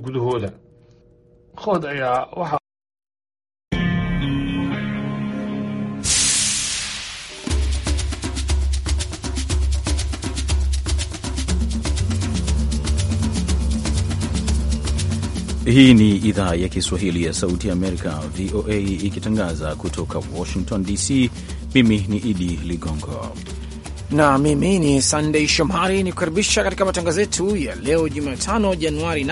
gudahooda ayaa waxa Hii ni idhaa ya Kiswahili ya Sauti ya Amerika, VOA, ikitangaza kutoka Washington DC. Mimi ni Idi Ligongo na mimi ni Sandei Shomari, ni kukaribisha katika matangazo yetu ya leo Jumatano, Januari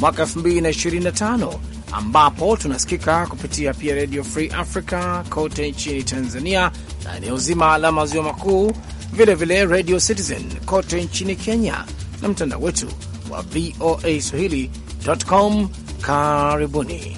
mwaka 2025 ambapo tunasikika kupitia pia Radio Free Africa kote nchini Tanzania na eneo zima la maziwa makuu, vilevile Radio Citizen kote nchini Kenya na mtandao wetu wa VOA Swahili.com. Karibuni.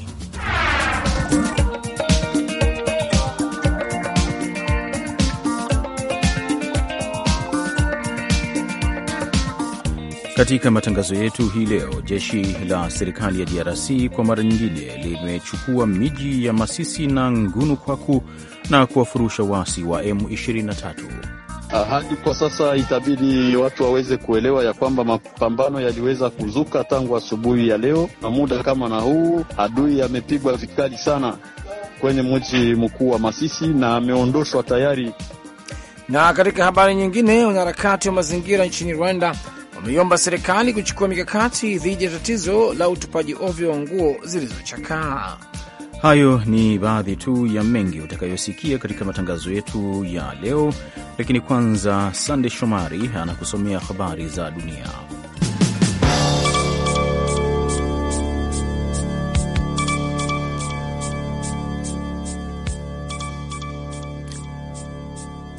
Katika matangazo yetu hii leo, jeshi la serikali ya DRC kwa mara nyingine limechukua miji ya Masisi na Ngunu Kwaku na kuwafurusha waasi wa M23. Ah, hadi kwa sasa itabidi watu waweze kuelewa ya kwamba mapambano yaliweza kuzuka tangu asubuhi ya leo, na muda kama na huu adui amepigwa vikali sana kwenye mji mkuu wa Masisi na ameondoshwa tayari. Na katika habari nyingine, wanaharakati wa mazingira nchini Rwanda wameiomba serikali kuchukua mikakati dhidi ya tatizo la utupaji ovyo wa nguo zilizochakaa. Hayo ni baadhi tu ya mengi utakayosikia katika matangazo yetu ya leo, lakini kwanza, Sande Shomari anakusomea habari za dunia.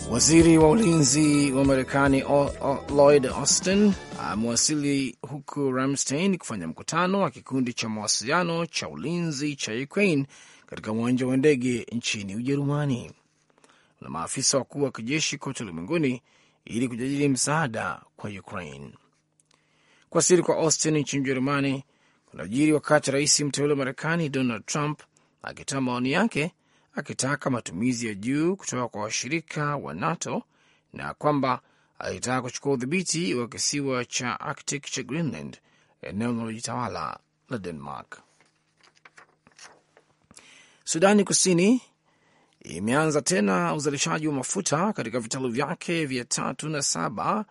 Waziri wa ulinzi wa Marekani Lloyd Austin amewasili huku Ramstein kufanya mkutano wa kikundi cha mawasiliano cha ulinzi cha Ukraine katika uwanja wa ndege nchini Ujerumani na maafisa wakuu wa kijeshi kote ulimwenguni ili kujadili msaada kwa Ukraine. Kuwasili kwa Austin nchini Ujerumani kunajiri wakati rais mteule wa Marekani Donald Trump akitoa maoni yake akitaka matumizi ya juu kutoka kwa washirika wa NATO na kwamba alitaka kuchukua udhibiti wa kisiwa cha Arctic cha Greenland, eneo linalojitawala la Denmark. Sudani Kusini imeanza tena uzalishaji wa mafuta katika vitalu vyake vya tatu na saba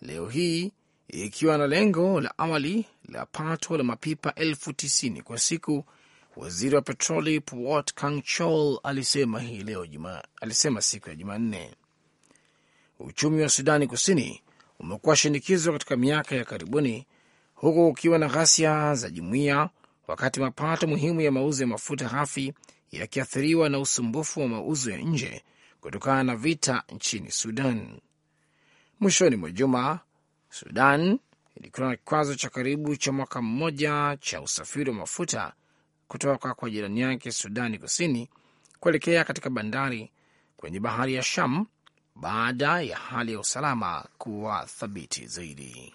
leo hii ikiwa na lengo la awali la pato la mapipa elfu tisini kwa siku Waziri wa petroli Puat Kangchol alisema hii leo juma, alisema siku ya Jumanne uchumi wa Sudani Kusini umekuwa shinikizo katika miaka ya karibuni, huku ukiwa na ghasia za jumuiya, wakati mapato muhimu ya mauzo ya mafuta ghafi yakiathiriwa na usumbufu wa mauzo ya nje kutokana na vita nchini Sudan. Mwishoni mwa juma, Sudan ilikuwa na kikwazo cha karibu cha mwaka mmoja cha usafiri wa mafuta kutoka kwa jirani yake Sudani Kusini kuelekea katika bandari kwenye bahari ya Sham baada ya hali ya usalama kuwa thabiti zaidi.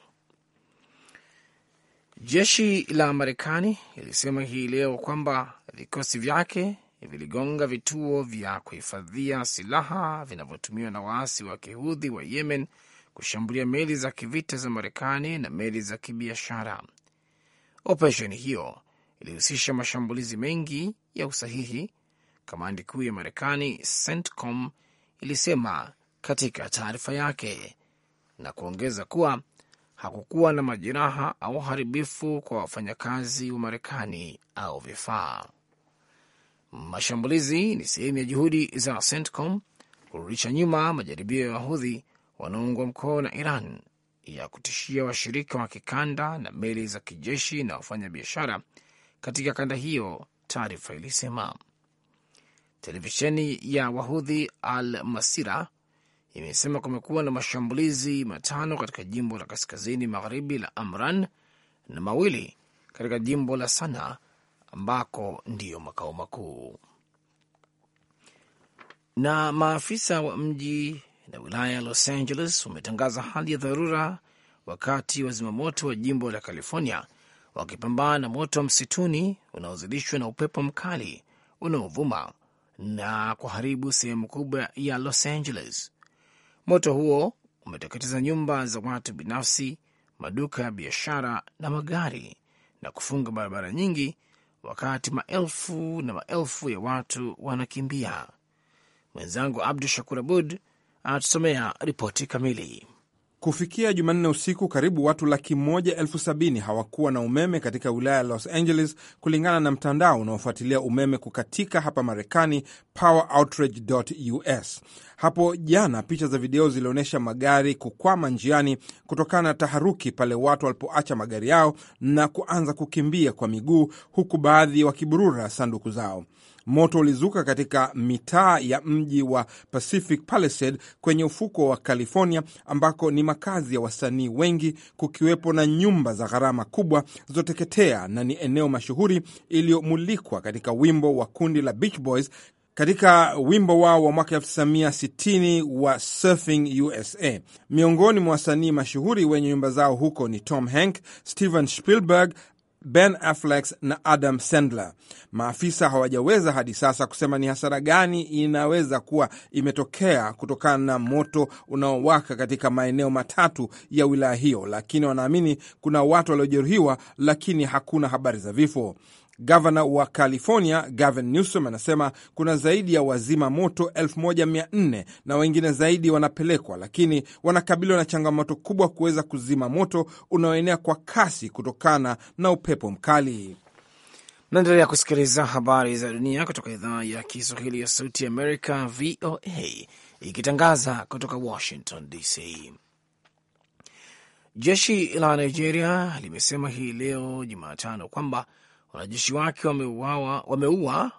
Jeshi la Marekani lilisema hii leo kwamba vikosi vyake viligonga vituo vya kuhifadhia silaha vinavyotumiwa na waasi wa kihudhi wa Yemen kushambulia meli za kivita za Marekani na meli za kibiashara. Operesheni hiyo ilihusisha mashambulizi mengi ya usahihi, kamandi kuu ya Marekani CENTCOM ilisema katika taarifa yake, na kuongeza kuwa hakukuwa na majeraha au uharibifu kwa wafanyakazi wa Marekani au vifaa. Mashambulizi ni sehemu ya juhudi za CENTCOM kurudisha nyuma majaribio ya Wahudhi wanaoungwa mkono na Iran ya kutishia washirika wa kikanda na meli za kijeshi na wafanyabiashara katika kanda hiyo, taarifa ilisema. Televisheni ya Wahudhi Al Masira imesema kumekuwa na mashambulizi matano katika jimbo la kaskazini magharibi la Amran na mawili katika jimbo la Sana ambako ndiyo makao makuu. Na maafisa wa mji na wilaya ya Los Angeles wametangaza hali ya dharura wakati wa zimamoto wa jimbo la California wakipambana na moto wa msituni unaozidishwa na upepo mkali unaovuma na kuharibu sehemu kubwa ya Los Angeles. Moto huo umeteketeza nyumba za watu binafsi, maduka ya biashara na magari na kufunga barabara nyingi, wakati maelfu na maelfu ya watu wanakimbia. Mwenzangu Abdu Shakur Abud anatusomea ripoti kamili. Kufikia Jumanne usiku karibu watu laki moja elfu sabini hawakuwa na umeme katika wilaya ya Los Angeles, kulingana na mtandao unaofuatilia umeme kukatika hapa Marekani, poweroutreach.us. Hapo jana picha za video zilionyesha magari kukwama njiani kutokana na taharuki pale watu walipoacha magari yao na kuanza kukimbia kwa miguu, huku baadhi wakiburura sanduku zao. Moto ulizuka katika mitaa ya mji wa Pacific Palisade kwenye ufuko wa California, ambako ni makazi ya wasanii wengi, kukiwepo na nyumba za gharama kubwa zilizoteketea, na ni eneo mashuhuri iliyomulikwa katika wimbo wa kundi la Beach Boys katika wimbo wao wa mwaka 1960 wa Surfing USA. Miongoni mwa wasanii mashuhuri wenye nyumba zao huko ni Tom Hanks, Steven Spielberg, Ben Affleck na Adam Sandler. Maafisa hawajaweza hadi sasa kusema ni hasara gani inaweza kuwa imetokea kutokana na moto unaowaka katika maeneo matatu ya wilaya hiyo, lakini wanaamini kuna watu waliojeruhiwa, lakini hakuna habari za vifo. Gavana wa California Gavin Newsom anasema kuna zaidi ya wazima moto 1400 na wengine zaidi wanapelekwa, lakini wanakabiliwa na changamoto kubwa kuweza kuzima moto unaoenea kwa kasi kutokana na upepo mkali. Naendelea kusikiliza habari za dunia kutoka idhaa ya Kiswahili ya Sauti Amerika, VOA, ikitangaza kutoka Washington DC. Jeshi la Nigeria limesema hii leo Jumatano kwamba wanajeshi wake wameua wame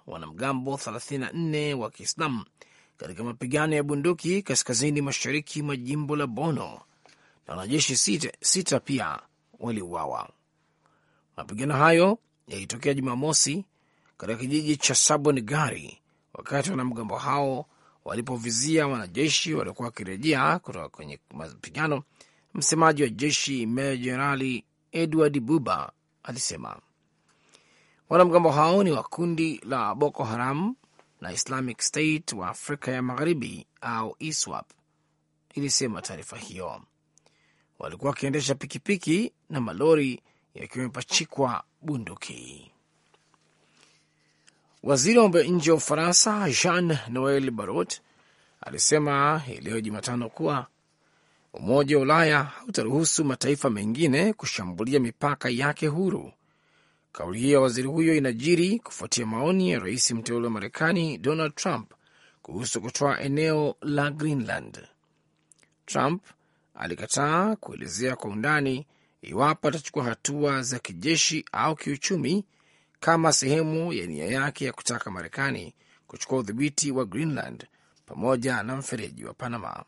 wanamgambo 34 wa Kiislamu katika mapigano ya bunduki kaskazini mashariki mwa jimbo la Bono na wanajeshi sita, sita pia waliuawa. Mapigano hayo yalitokea Jumamosi katika kijiji cha gari wakati wanamgambo hao walipovizia wanajeshi waliokuwa wakirejea kutoka kwenye mapigano. Msemaji wa jeshi Meja Jenerali Edward Buba alisema Wanamgambo hao ni wa kundi la Boko Haram na Islamic State wa Afrika ya Magharibi au ISWAP, ilisema taarifa hiyo. Walikuwa wakiendesha pikipiki na malori yakiwa yamepachikwa bunduki. Waziri wa mambo ya nje wa Ufaransa Jean Noel Barrot alisema hii leo Jumatano kuwa Umoja wa Ulaya hautaruhusu mataifa mengine kushambulia mipaka yake huru Kauli hiyo ya waziri huyo inajiri kufuatia maoni ya rais mteule wa Marekani Donald Trump kuhusu kutoa eneo la Greenland. Trump alikataa kuelezea kwa undani iwapo atachukua hatua za kijeshi au kiuchumi kama sehemu ya nia yake ya kutaka Marekani kuchukua udhibiti wa Greenland pamoja na mfereji wa Panama.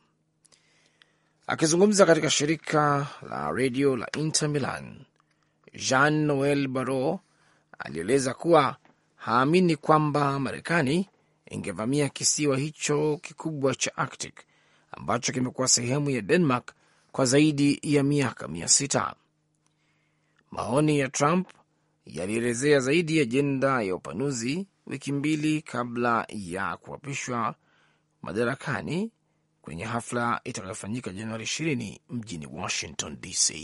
Akizungumza katika shirika la redio la Inter Milan, Jean Noel Barrot alieleza kuwa haamini kwamba Marekani ingevamia kisiwa hicho kikubwa cha Arctic ambacho kimekuwa sehemu ya Denmark kwa zaidi ya miaka mia sita. Maoni ya Trump yalielezea zaidi ajenda ya upanuzi wiki mbili kabla ya kuapishwa madarakani kwenye hafla itakayofanyika Januari 20 mjini Washington DC.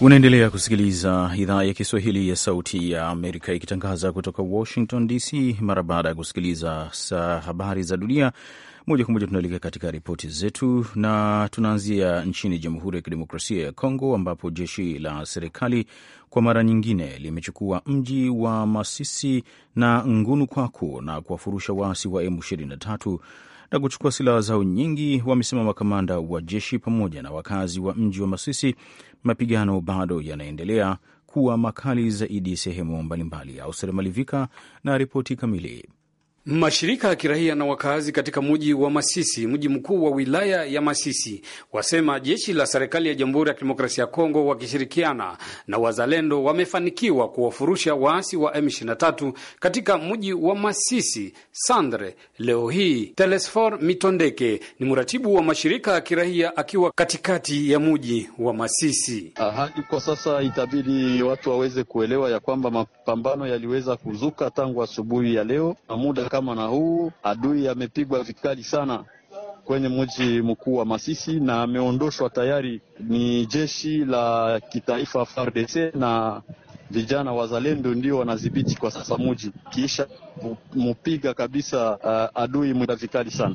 Unaendelea kusikiliza idhaa ya Kiswahili ya Sauti ya Amerika ikitangaza kutoka Washington DC. Mara baada ya kusikiliza habari za dunia, moja kwa moja tunaelekea katika ripoti zetu na tunaanzia nchini Jamhuri ya Kidemokrasia ya Kongo, ambapo jeshi la serikali kwa mara nyingine limechukua mji wa Masisi na Ngunu Kwaku na kuwafurusha waasi wa M23 na kuchukua silaha zao nyingi, wamesema makamanda wa jeshi pamoja na wakazi wa mji wa Masisi. Mapigano bado yanaendelea kuwa makali zaidi sehemu mbalimbali. auseremalivika na ripoti kamili. Mashirika ya kiraia na wakazi katika mji wa Masisi, mji mkuu wa wilaya ya Masisi, wasema jeshi la serikali ya Jamhuri ya Kidemokrasia ya Kongo wakishirikiana na wazalendo wamefanikiwa kuwafurusha waasi wa M23 katika mji wa Masisi. Sandre leo hii Telesfor Mitondeke ni mratibu wa mashirika ya kiraia akiwa katikati ya mji wa Masisi. Hadi kwa sasa itabidi watu waweze kuelewa ya kwamba mapambano yaliweza kuzuka tangu asubuhi ya leo na muda kama na huu, adui amepigwa vikali sana kwenye mji mkuu wa Masisi na ameondoshwa tayari. Ni jeshi la kitaifa FARDC na vijana wazalendo ndio wanadhibiti kwa sasa mji, kisha mupiga kabisa uh, adui mwida vikali sana.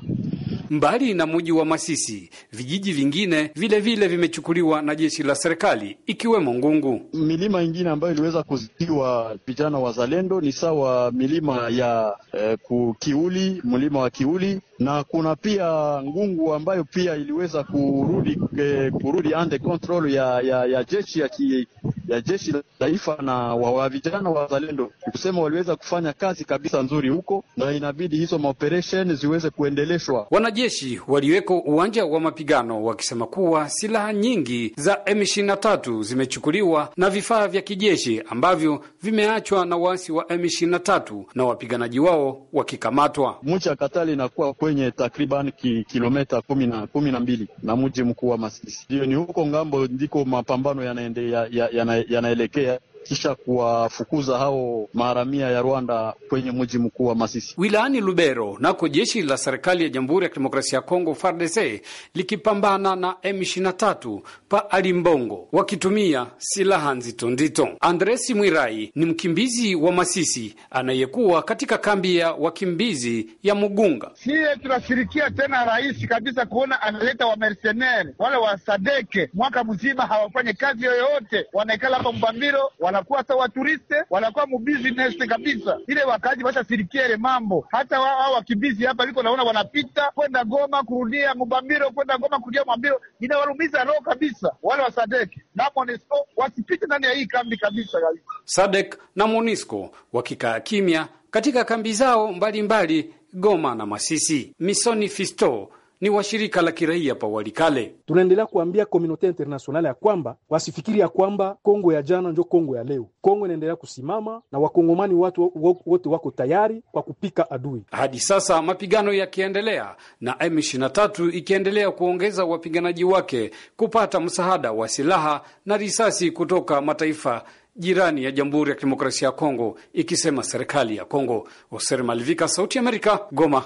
Mbali na muji wa Masisi, vijiji vingine vile vile vimechukuliwa na jeshi la serikali ikiwemo Ngungu. Milima ingine ambayo iliweza kuzidiwa vijana wazalendo ni sawa milima ya eh, Kiuli, mlima wa Kiuli na kuna pia ngungu ambayo pia iliweza kurudi eh, kurudi under control ya, ya, ya jeshi ya, ki, ya jeshi la taifa na wa vijana wazalendo, kusema waliweza kufanya kazi kabisa nzuri huko, na inabidi hizo maoperation ziweze kuendeleshwa. Wanajeshi waliweko uwanja wa mapigano wakisema kuwa silaha nyingi za M23 zimechukuliwa na vifaa vya kijeshi ambavyo vimeachwa na waasi wa M23 na wapiganaji wao wakikamatwa. Mucha katali inakuwa kwe kwenye takriban ki, kilomita kumi na kumi na mbili na mji mkuu wa Masisi. Hiyo ni huko ngambo ndiko mapambano yanaelekea ya, ya, ya, ya kisha kuwafukuza hao maharamia ya Rwanda kwenye mji mkuu wa Masisi wilayani Lubero. Nako jeshi la serikali ya Jamhuri ya Kidemokrasia ya Kongo FARDC likipambana na M23 pa Alimbongo wakitumia silaha nzito nzito. Andresi Mwirai ni mkimbizi wa Masisi anayekuwa katika kambi ya wakimbizi ya Mugunga. Siye tunashirikia tena rais kabisa kuona analeta wamercenari wale wa Sadeke, mwaka mzima hawafanye kazi yoyote, wanaikala hapa Mbambiro wa wanakuwa hata waturiste, wanakuwa mubusiness kabisa. Ile washa sirikiere mambo, hata wao wakimbizi hapa liko naona wanapita kwenda Goma kurudia Mubambiro, kwenda Goma kurudia Mubambiro, inawalumiza roho kabisa. Wale wa Sadek na Monisco wasipite ndani ya hii kambi kabisa kabisa. Sadek na Monisco wakikaa kimya katika kambi zao mbalimbali mbali, Goma na Masisi. Misoni Fisto ni wa shirika la kiraia pa Walikale. Tunaendelea kuambia komunote internasionale ya kwamba wasifikiri ya kwamba Kongo ya jana njo Kongo ya leo. Kongo inaendelea kusimama na wakongomani watu wote wako tayari kwa kupika adui. Hadi sasa mapigano yakiendelea na M23 ikiendelea kuongeza wapiganaji wake kupata msaada wa silaha na risasi kutoka mataifa jirani ya Jamhuri ya Kidemokrasia ya Kongo, ikisema serikali ya Kongo. Oser Malivika, Sauti ya Amerika, Goma.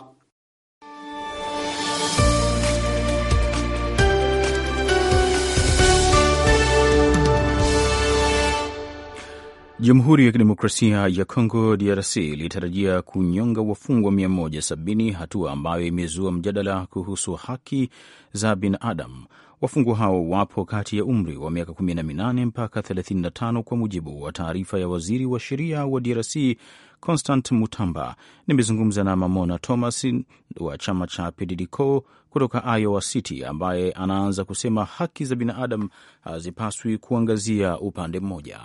Jamhuri ya Kidemokrasia ya Kongo DRC ilitarajia kunyonga wafungwa 170 hatua ambayo imezua mjadala kuhusu haki za binadamu. Wafungwa hao wapo kati ya umri wa miaka 18 mpaka 35, kwa mujibu wa taarifa ya waziri wa sheria wa DRC Constant Mutamba. Nimezungumza na Mamona Thomas wa chama cha PDDCO kutoka Iowa City, ambaye anaanza kusema haki za binadamu hazipaswi kuangazia upande mmoja.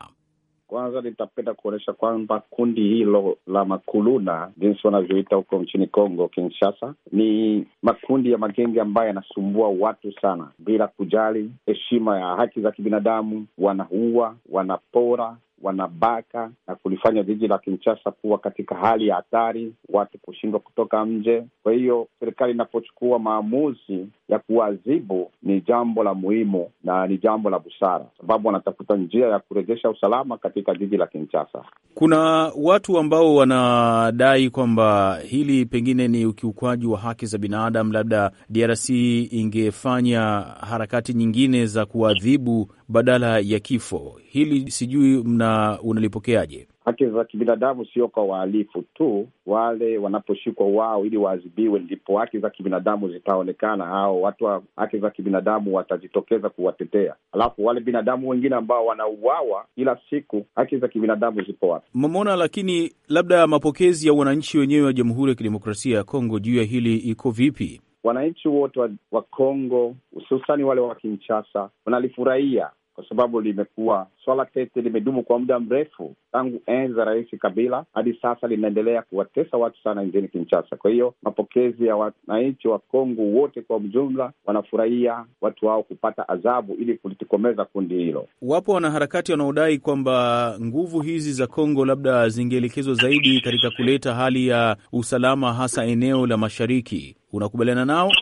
Kwanza nitapenda kuonyesha kwamba kundi hilo la makuluna, jinsi wanavyoita huko nchini Kongo Kinshasa, ni makundi ya magenge ambayo yanasumbua watu sana, bila kujali heshima ya haki za kibinadamu. Wanaua, wanapora wanabaka na kulifanya jiji la Kinshasa kuwa katika hali ya hatari, watu kushindwa kutoka nje. Kwa hiyo serikali inapochukua maamuzi ya kuwazibu ni jambo la muhimu na ni jambo la busara, sababu wanatafuta njia ya kurejesha usalama katika jiji la Kinshasa. Kuna watu ambao wanadai kwamba hili pengine ni ukiukwaji wa haki za binadamu, labda DRC ingefanya harakati nyingine za kuadhibu badala ya kifo. Hili sijui mna unalipokeaje? Haki za kibinadamu sio kwa wahalifu tu, wale wanaposhikwa wao ili waadhibiwe, ndipo haki za kibinadamu zitaonekana. Hao watu wa haki za kibinadamu watajitokeza kuwatetea, alafu wale binadamu wengine ambao wanauawa kila siku, haki za kibinadamu zipo wapi? mamona lakini labda mapokezi ya wananchi wenyewe wa Jamhuri ya Kidemokrasia ya Kongo juu ya hili iko vipi? Wananchi wote wa Kongo hususani wale wa Kinshasa wanalifurahia kwa sababu limekuwa swala tete, limedumu kwa muda mrefu tangu enzi za Rais Kabila hadi sasa, linaendelea kuwatesa watu sana nchini Kinshasa. Kwa hiyo mapokezi ya wananchi wa Kongo wote kwa mjumla wanafurahia watu wao kupata adhabu ili kulitokomeza kundi hilo. Wapo wanaharakati wanaodai kwamba nguvu hizi za Kongo labda zingeelekezwa zaidi katika kuleta hali ya usalama, hasa eneo la mashariki. Unakubaliana nao?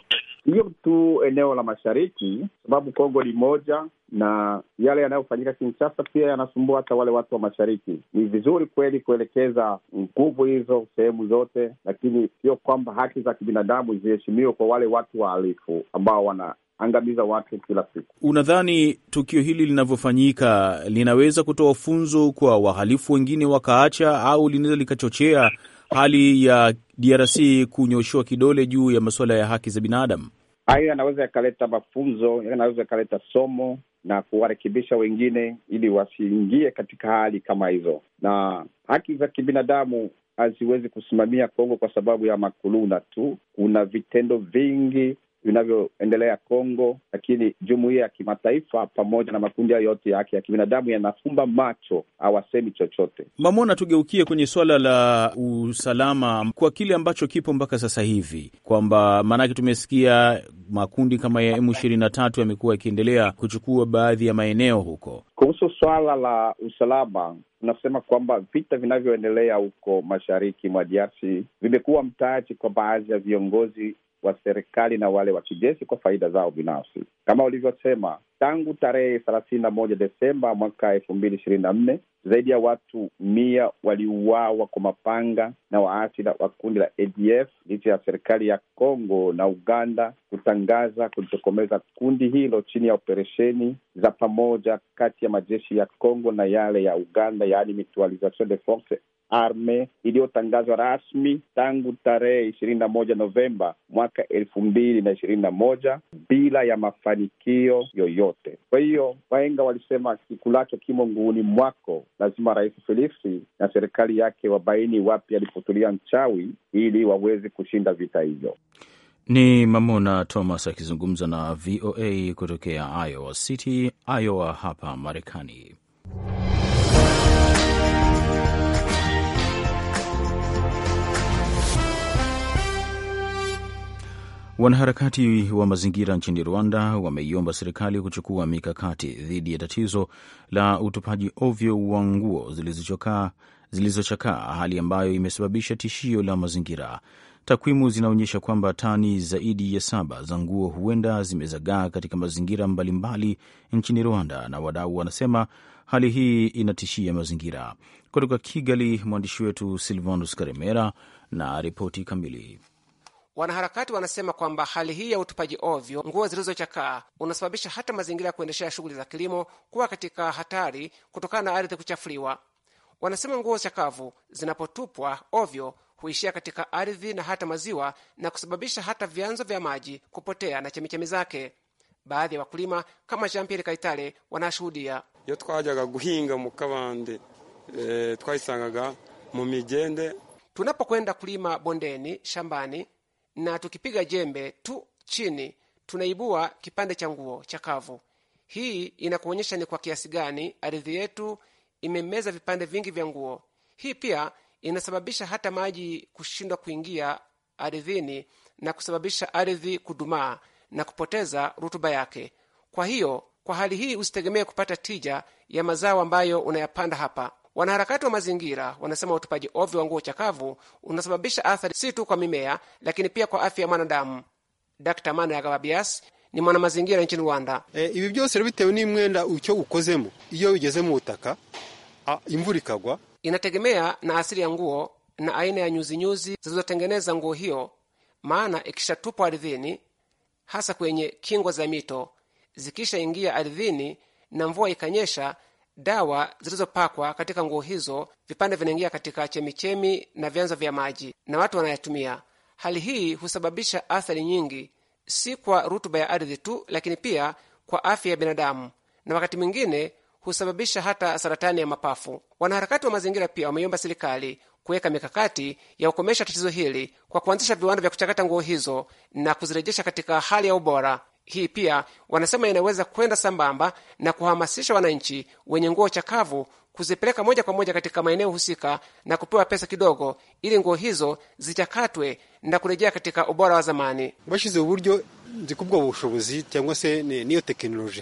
Sio tu eneo la mashariki, sababu Kongo ni moja na yale yanayofanyika Kinshasa pia yanasumbua hata wale watu wa mashariki. Ni vizuri kweli kuelekeza nguvu hizo sehemu zote, lakini sio kwamba haki za kibinadamu ziheshimiwe kwa wale watu wahalifu ambao wana angamiza watu kila siku. Unadhani tukio hili linavyofanyika linaweza kutoa funzo kwa wahalifu wengine wakaacha, au linaweza likachochea hali ya DRC kunyoshewa kidole juu ya masuala ya haki za binadamu? Hayo yanaweza yakaleta mafunzo, yanaweza yakaleta somo na kuwarekebisha wengine ili wasiingie katika hali kama hizo. Na haki za kibinadamu haziwezi kusimamia Kongo kwa sababu ya makuluna tu. Kuna vitendo vingi vinavyoendelea Kongo, lakini jumuiya ya kimataifa pamoja na makundi hayo yote yake ya kibinadamu yanafumba macho, hawasemi chochote. Mamona, tugeukie kwenye swala la usalama kwa kile ambacho kipo mpaka sasa hivi, kwamba maanake tumesikia makundi kama ya emu ishirini na tatu yamekuwa yakiendelea kuchukua baadhi ya maeneo huko. Kuhusu swala la usalama tunasema kwamba vita vinavyoendelea huko mashariki mwa DRC vimekuwa mtaji kwa baadhi ya viongozi wa serikali na wale wa kijeshi kwa faida zao binafsi. Kama ulivyosema, tangu tarehe thelathini na moja Desemba mwaka elfu mbili ishirini na nne zaidi ya watu mia waliuawa kwa mapanga na waasi wa kundi la ADF licha ya serikali ya Kongo na Uganda kutangaza kulitokomeza kundi hilo chini ya operesheni za pamoja kati ya majeshi ya Kongo na yale ya Uganda, yaani mutualisation de force arme iliyotangazwa rasmi tangu tarehe ishirini na moja Novemba mwaka elfu mbili na ishirini na moja bila ya mafanikio yoyote. Kwa hiyo wahenga walisema kikulacho kimo nguuni mwako. Lazima Rais Feliksi na serikali yake wabaini wapi alipotulia mchawi ili waweze kushinda vita hivyo. Ni Mamona Thomas akizungumza na VOA kutokea Iowa City, Iowa hapa Marekani. Wanaharakati wa mazingira nchini Rwanda wameiomba serikali kuchukua mikakati dhidi ya tatizo la utupaji ovyo wa nguo zilizochakaa zilizochakaa, hali ambayo imesababisha tishio la mazingira. Takwimu zinaonyesha kwamba tani zaidi ya saba za nguo huenda zimezagaa katika mazingira mbalimbali nchini Rwanda, na wadau wanasema hali hii inatishia mazingira. Kutoka Kigali, mwandishi wetu Silvanus Karemera na ripoti kamili. Wanaharakati wanasema kwamba hali hii ya utupaji ovyo nguo zilizochakaa unasababisha hata mazingira ya kuendeshea shughuli za kilimo kuwa katika hatari kutokana na ardhi kuchafuliwa. Wanasema nguo chakavu zinapotupwa ovyo huishia katika ardhi na hata maziwa na kusababisha hata vyanzo vya maji kupotea na chemichemi zake. Baadhi ya wakulima kama Jean Pierre Kaitare wanashuhudia. iyo twajaga guhinga mu kabande e, eh, twaisangaga mu migende. Tunapokwenda kulima bondeni, shambani na tukipiga jembe tu chini tunaibua kipande cha nguo chakavu. Hii inakuonyesha ni kwa kiasi gani ardhi yetu imemeza vipande vingi vya nguo. Hii pia inasababisha hata maji kushindwa kuingia ardhini na kusababisha ardhi kudumaa na kupoteza rutuba yake. Kwa hiyo, kwa hali hii usitegemee kupata tija ya mazao ambayo unayapanda hapa. Wanaharakati wa mazingira wanasema utupaji ovyo wa nguo chakavu unasababisha athari si tu kwa mimea, lakini pia kwa afya ya mwanadamu. Dr Manu Yagababias ni mwanamazingira nchini Rwanda. Eh, ibi byose bitewe n'imwenda ucyo ukozemo iyo bigeze mu butaka imvura ikagwa, inategemea na asili ya nguo na aina ya nyuzinyuzi zilizotengeneza nguo hiyo, maana ikishatupwa ardhini, hasa kwenye kingo za mito, zikishaingia ardhini na mvua ikanyesha, Dawa zilizopakwa katika nguo hizo vipande vinaingia katika chemichemi na vyanzo vya maji na watu wanayatumia. Hali hii husababisha athari nyingi, si kwa rutuba ya ardhi tu, lakini pia kwa afya ya binadamu na wakati mwingine husababisha hata saratani ya mapafu. Wanaharakati wa mazingira pia wameiomba serikali kuweka mikakati ya kukomesha tatizo hili kwa kuanzisha viwanda vya kuchakata nguo hizo na kuzirejesha katika hali ya ubora. Hii pia wanasema inaweza kwenda sambamba na kuhamasisha wananchi wenye nguo chakavu kuzipeleka moja kwa moja katika maeneo husika na kupewa pesa kidogo ili nguo hizo zichakatwe na kurejea katika ubora wa zamani. bashize uburyo nzi cyangwa se niyo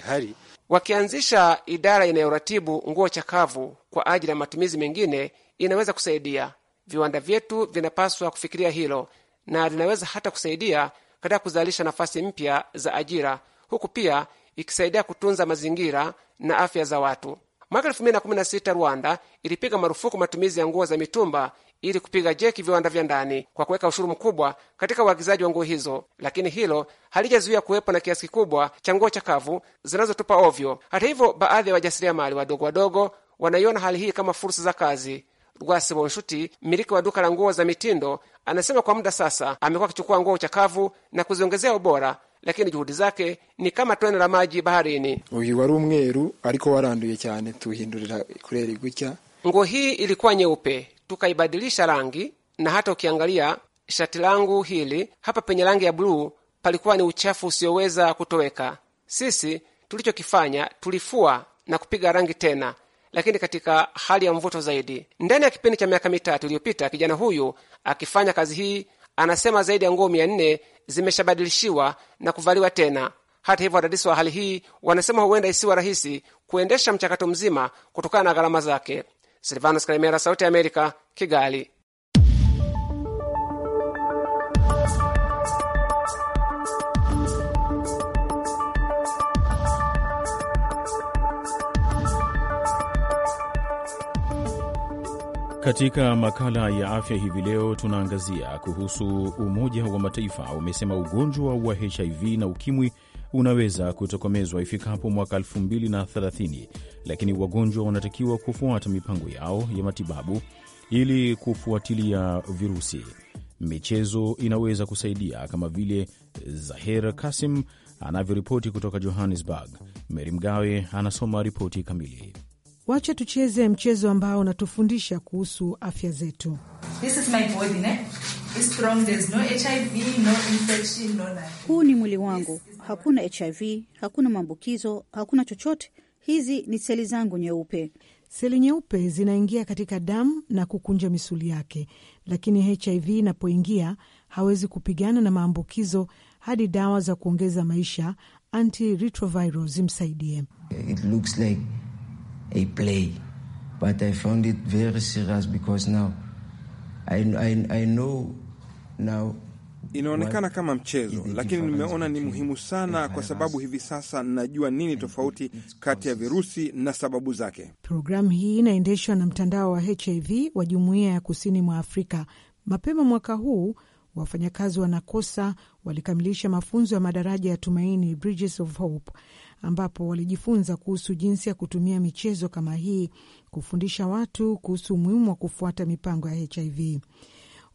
hari wakianzisha idara inayoratibu nguo chakavu kwa ajili ya matumizi mengine inaweza kusaidia. Viwanda vyetu vinapaswa kufikiria hilo na linaweza hata kusaidia katika kuzalisha nafasi mpya za ajira huku pia ikisaidia kutunza mazingira na afya za watu. Mwaka sita Rwanda ilipiga marufuku matumizi ya nguo za mitumba ili kupiga jeki viwanda vya ndani kwa kuweka ushuru mkubwa katika uagizaji wa nguo hizo, lakini hilo halijazuia kuwepo na kiasi kikubwa cha nguo chakavu zinazotupa ovyo. Hata hivyo, baadhi ya wajasiriamali wadogo wadogo wanaiona hali hii kama fursa za kazi Rwasi Bonshuti, mmiliki wa duka la nguo za mitindo, anasema kwa muda sasa amekuwa akichukua nguo uchakavu na kuziongezea ubora, lakini juhudi zake ni kama tone la maji baharini. uyu wari umweru ariko waranduye cyane tuhindurira kureri gutya. Nguo hii ilikuwa nyeupe, tukaibadilisha rangi, na hata ukiangalia shati langu hili hapa penye rangi ya buluu palikuwa ni uchafu usioweza kutoweka. Sisi tulichokifanya tulifua na kupiga rangi tena lakini katika hali ya mvuto zaidi. Ndani ya kipindi cha miaka mitatu iliyopita, kijana huyu akifanya kazi hii anasema zaidi ya nguo mia nne zimeshabadilishiwa na kuvaliwa tena. Hata hivyo, wadadisi wa hali hii wanasema huenda isiwa rahisi kuendesha mchakato mzima kutokana na gharama zake. Silvanus Kalemera, Sauti ya Amerika, Kigali. Katika makala ya afya hivi leo tunaangazia kuhusu, Umoja wa Mataifa umesema ugonjwa wa HIV na ukimwi unaweza kutokomezwa ifikapo mwaka 2030 lakini wagonjwa wanatakiwa kufuata mipango yao ya matibabu ili kufuatilia virusi. Michezo inaweza kusaidia kama vile zaher Kasim anavyoripoti kutoka Johannesburg. Meri Mgawe anasoma ripoti kamili. Wacha tucheze mchezo ambao unatufundisha kuhusu afya zetu. Huu ni mwili wangu, hakuna HIV, hakuna maambukizo, hakuna chochote. Hizi ni seli zangu nyeupe. Seli nyeupe zinaingia katika damu na kukunja misuli yake, lakini HIV inapoingia hawezi kupigana na maambukizo hadi dawa za kuongeza maisha antiretroviral zimsaidie. It looks like a play. But I found it very serious because now I, I, I know now Inaonekana kama mchezo, lakini nimeona ni muhimu sana kwa sababu hivi sasa najua nini tofauti kati ya virusi na sababu zake. Programu hii inaendeshwa na mtandao wa HIV wa Jumuiya ya Kusini mwa Afrika. Mapema mwaka huu wafanyakazi wa Nakosa walikamilisha mafunzo ya madaraja ya tumaini, Bridges of Hope, ambapo walijifunza kuhusu jinsi ya kutumia michezo kama hii kufundisha watu kuhusu umuhimu wa kufuata mipango ya HIV.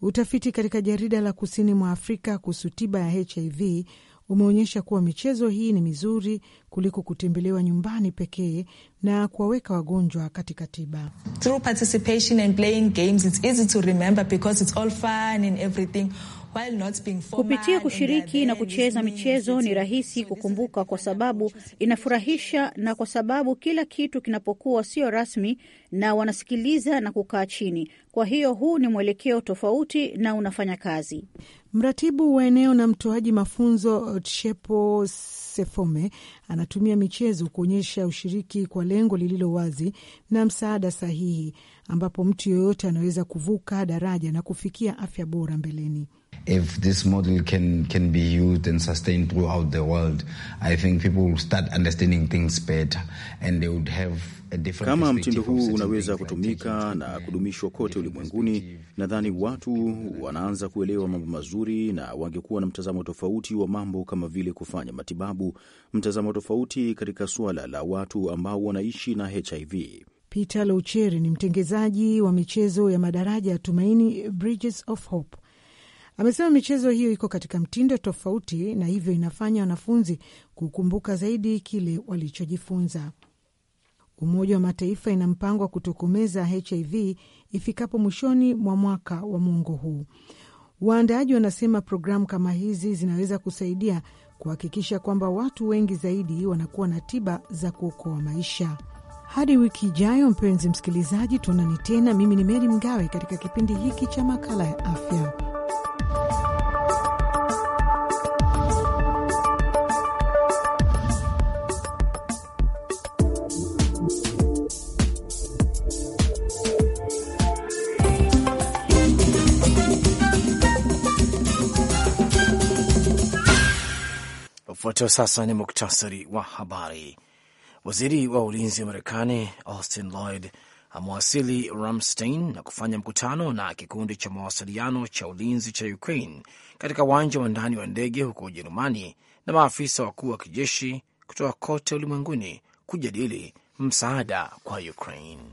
Utafiti katika jarida la kusini mwa Afrika kuhusu tiba ya HIV umeonyesha kuwa michezo hii ni mizuri kuliko kutembelewa nyumbani pekee na kuwaweka wagonjwa katika tiba. Through participation and playing games it's easy to remember because it's all fun and everything Kupitia kushiriki na kucheza michezo ni rahisi kukumbuka, kwa sababu inafurahisha, na kwa sababu kila kitu kinapokuwa sio rasmi na wanasikiliza na kukaa chini. Kwa hiyo huu ni mwelekeo tofauti na unafanya kazi. Mratibu wa eneo na mtoaji mafunzo Chepo Sefome anatumia michezo kuonyesha ushiriki kwa lengo lililo wazi na msaada sahihi, ambapo mtu yoyote anaweza kuvuka daraja na kufikia afya bora mbeleni if this model can can be used and sustained throughout the world, I think people will start understanding things better and they would have a different. Kama mtindo huu unaweza kutumika na kudumishwa kote ulimwenguni, nadhani watu wanaanza kuelewa mambo mazuri na wangekuwa na mtazamo tofauti wa mambo kama vile kufanya matibabu, mtazamo tofauti katika suala la watu ambao wanaishi na HIV. Peter Loucheri ni mtengezaji wa michezo ya madaraja ya tumaini, Bridges of Hope. Amesema michezo hiyo iko katika mtindo tofauti na hivyo inafanya wanafunzi kukumbuka zaidi kile walichojifunza. Umoja wa Mataifa ina mpango wa kutokomeza HIV ifikapo mwishoni mwa mwaka wa mwongo huu. Waandaaji wanasema programu kama hizi zinaweza kusaidia kuhakikisha kwamba watu wengi zaidi wanakuwa na tiba za kuokoa maisha. Hadi wiki ijayo, mpenzi msikilizaji, tuonani tena. Mimi ni Meri Mgawe katika kipindi hiki cha makala ya afya. Zifuatayo sasa ni muktasari wa habari. Waziri wa ulinzi wa Marekani Austin Lloyd amewasili Ramstein na kufanya mkutano na kikundi cha mawasiliano cha ulinzi cha Ukraine katika uwanja wa ndani wa ndege huko Ujerumani na maafisa wakuu wa kijeshi kutoka kote ulimwenguni kujadili msaada kwa Ukraine.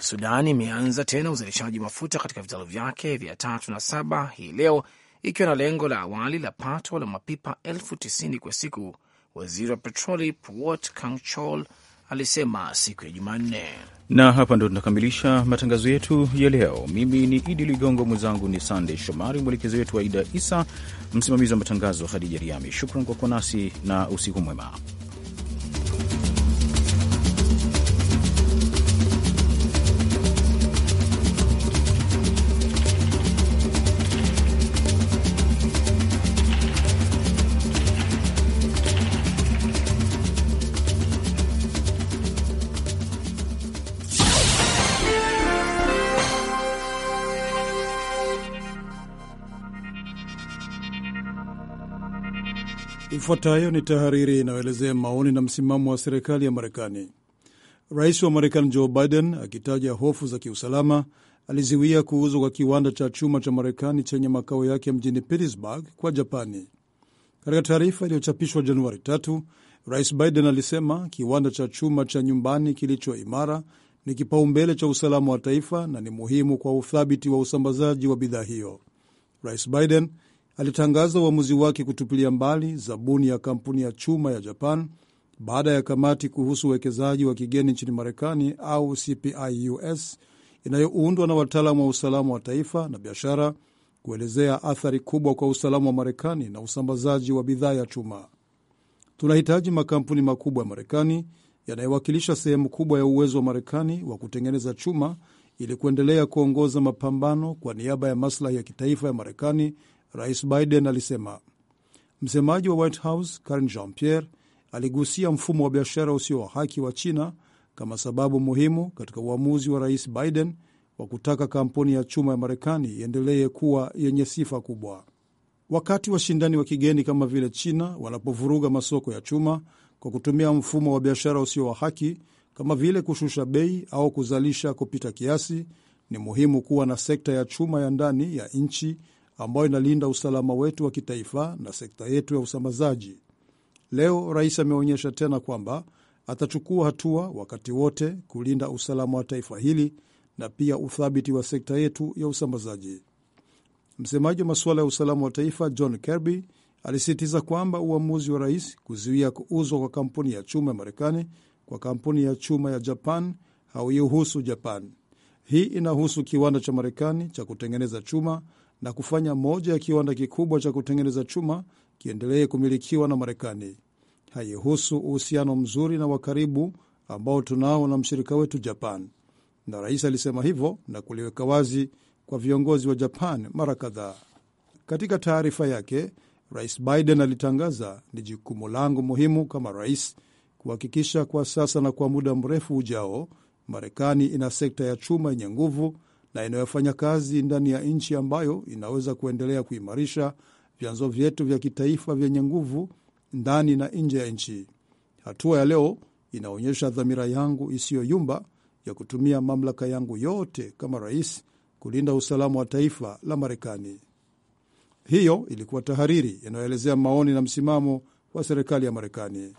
Sudani imeanza tena uzalishaji mafuta katika vitalu vyake vya tatu na saba hii leo ikiwa na lengo la awali la pato la mapipa elfu tisini kwa siku. Waziri wa petroli pwot Kangchol alisema siku ya Jumanne. Na hapa ndo tunakamilisha matangazo yetu ya leo. Mimi ni Idi Ligongo, mwenzangu ni Sandey Shomari, mwelekezi wetu Aida Isa, msimamizi wa matangazo Khadija Riami. Shukran kwa kuwa nasi na usiku mwema. Ifuatayo ni tahariri inayoelezea maoni na msimamo wa serikali ya Marekani. Rais wa Marekani Joe Biden akitaja hofu za kiusalama aliziwia kuuzwa kwa kiwanda cha chuma cha Marekani chenye makao yake mjini Pittsburgh kwa Japani. Katika taarifa iliyochapishwa Januari tatu, Rais Biden alisema kiwanda cha chuma cha nyumbani kilicho imara ni kipaumbele cha usalama wa taifa na ni muhimu kwa uthabiti wa usambazaji wa bidhaa hiyo. Rais Biden alitangaza uamuzi wake kutupilia mbali zabuni ya kampuni ya chuma ya Japan baada ya kamati kuhusu uwekezaji wa kigeni nchini Marekani au CPIUS inayoundwa na wataalamu wa usalama wa taifa na biashara kuelezea athari kubwa kwa usalama wa Marekani na usambazaji wa bidhaa ya chuma. Tunahitaji makampuni makubwa ya Marekani yanayowakilisha sehemu kubwa ya uwezo wa Marekani wa kutengeneza chuma ili kuendelea kuongoza mapambano kwa niaba ya maslahi ya kitaifa ya Marekani Rais Biden alisema. Msemaji wa White House Karine Jean Pierre aligusia mfumo wa biashara usio wa haki wa China kama sababu muhimu katika uamuzi wa Rais Biden wa kutaka kampuni ya chuma ya Marekani iendelee kuwa yenye sifa kubwa. Wakati washindani wa kigeni kama vile China wanapovuruga masoko ya chuma kwa kutumia mfumo wa biashara usio wa haki kama vile kushusha bei au kuzalisha kupita kiasi, ni muhimu kuwa na sekta ya chuma ya ndani ya nchi ambayo inalinda usalama wetu wa kitaifa na sekta yetu ya usambazaji. Leo rais ameonyesha tena kwamba atachukua hatua wakati wote kulinda usalama wa taifa hili na pia uthabiti wa sekta yetu ya usambazaji. Msemaji wa masuala ya usalama wa taifa John Kirby alisisitiza kwamba uamuzi wa rais kuzuia kuuzwa kwa kampuni ya chuma ya Marekani kwa kampuni ya chuma ya Japan hauihusu Japan. Hii inahusu kiwanda cha Marekani cha kutengeneza chuma na kufanya moja ya kiwanda kikubwa cha kutengeneza chuma kiendelee kumilikiwa na Marekani. Haihusu uhusiano mzuri na wa karibu ambao tunao na mshirika wetu Japan, na rais alisema hivyo na kuliweka wazi kwa viongozi wa Japan mara kadhaa. Katika taarifa yake, Rais Biden alitangaza, ni jukumu langu muhimu kama rais kuhakikisha kwa sasa na kwa muda mrefu ujao, Marekani ina sekta ya chuma yenye nguvu na inayofanya kazi ndani ya nchi ambayo inaweza kuendelea kuimarisha vyanzo vyetu vya kitaifa vyenye nguvu ndani na nje ya nchi. Hatua ya leo inaonyesha dhamira yangu isiyoyumba ya kutumia mamlaka yangu yote kama rais kulinda usalama wa taifa la Marekani. Hiyo ilikuwa tahariri inayoelezea maoni na msimamo wa serikali ya Marekani.